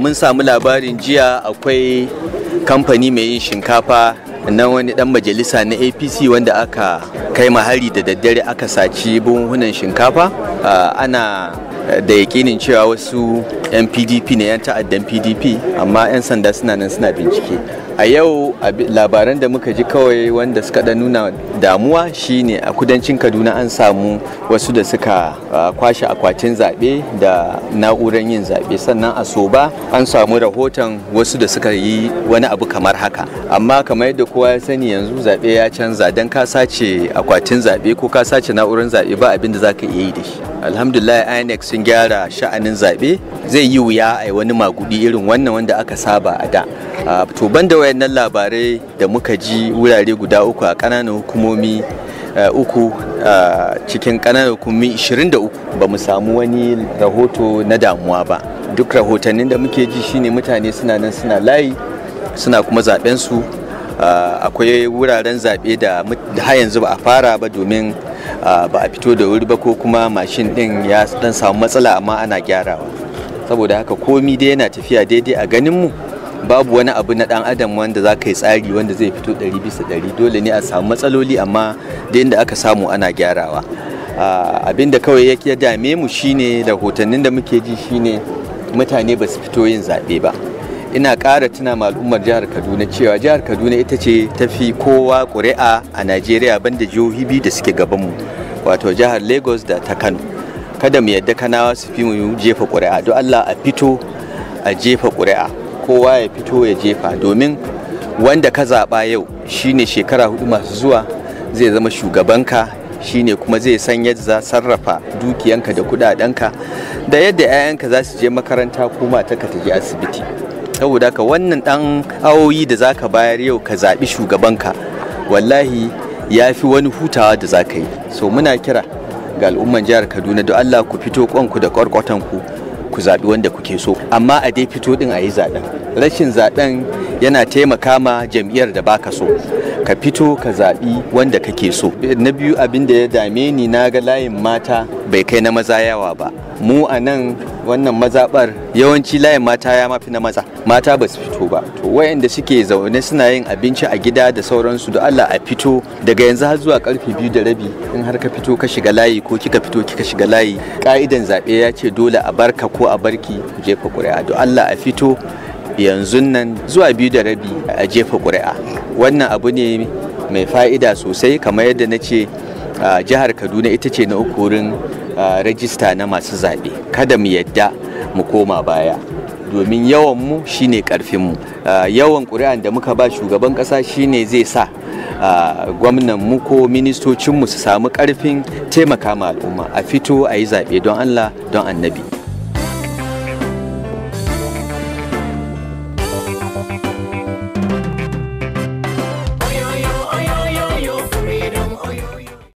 mun samu labarin jiya akwai kamfani mai yin shinkafa na wani dan majalisa na apc wanda aka kai mahari da daddare aka saci buhunan shinkafa ana eh, da yakinin cewa wasu 'yan pdp ne 'yan ta'addan pdp amma 'yan sanda suna nan suna bincike a yau labaran da muka ji kawai wanda suka da nuna damuwa shine a kudancin kaduna an samu wasu da suka kwashe akwatin zaɓe da na'urar yin zaɓe sannan a soba an samu rahoton wasu da suka yi wani abu kamar haka amma kamar yadda kowa ya sani yanzu zaɓe ya canza don ka sace akwatin zaɓe ko ka sace na'urar zaɓe ba abin da za ka iya yi da shi alhamdulillah inec sun gyara sha'anin zaɓe zai yi wuya a wani magudi irin wannan wanda aka saba a da to banda wayannan labarai da muka ji wurare guda uku a ƙananan hukumomi uku cikin ƙananan hukumomi 23 ba mu samu wani rahoto na damuwa ba duk rahotannin da muke ji shine mutane suna nan suna layi suna kuma zaɓensu akwai wuraren zaɓe da har yanzu ba a fara ba domin ba a fito da wuri ba ko kuma mashin din ya dan samu matsala amma ana gyarawa saboda haka komi dai yana tafiya daidai a ganin mu babu wani abu na dan adam wanda za ka yi tsari wanda zai fito ɗari bisa ɗari dole ne a samu matsaloli amma da da aka samu ana gyarawa abin da kawai ya dame mu shine da hotannin da muke ji shine mutane ba su fito yin zaɓe ba ina ƙara tuna ma al'ummar jihar kaduna cewa jihar kaduna ita ce tafi kowa ƙuri'a a najeriya banda jihohi biyu da suke gabanmu wato jihar lagos da ta kano kada mu yadda kanawa su fi mu jefa ƙuri'a don allah a fito a jefa ƙuri'a kowa ya fito ya jefa domin wanda ka zaɓa yau shine shekara hudu masu zuwa zai zama shugabanka shine kuma zai san yadda za sarrafa dukiyanka da kudadenka da yadda 'ya'yanka za su je makaranta kuma matarka ta je asibiti saboda ka wannan dan awoyi da zaka bayar yau ka zaɓi shugabanka wallahi ya fi wani hutawa da zaka yi so muna kira ga al'umman jihar kaduna da allah ku fito kwanku da kwarkwatanku ku zaɓi wanda kuke so amma a dai fito din a yi zaɓen rashin zaɓen yana taimaka ma jam'iyyar da baka so ka fito ka zaɓi wanda kake so na biyu abin da ya dame ni na ga layin mata bai kai na maza yawa ba mu a nan wannan mazaɓar yawanci layin mata ya mafi na maza mata ba su fito ba to wayanda suke zaune suna yin abinci a gida da sauransu da Allah a fito daga yanzu har zuwa karfe biyu da rabi in har ka fito ka shiga layi ko kika fito kika shiga layi ka'idan zaɓe ya ce dole a barka ko a barki jefa ƙuri'a da Allah a fito yanzu nan zuwa biyu da rabi a jefa ƙuri'a wannan abu ne mai fa'ida sosai kamar yadda na ce jihar kaduna ita ce na uku rajista na masu zaɓe kada mu yadda mu koma baya domin yawan mu shine karfin mu ah, yawan ƙuri'an da muka ba shugaban ƙasa shine zai sa ah, gwamnan mu ko ministocinmu su samu karfin taimaka ma al'umma a fito a yi zaɓe don Allah don annabi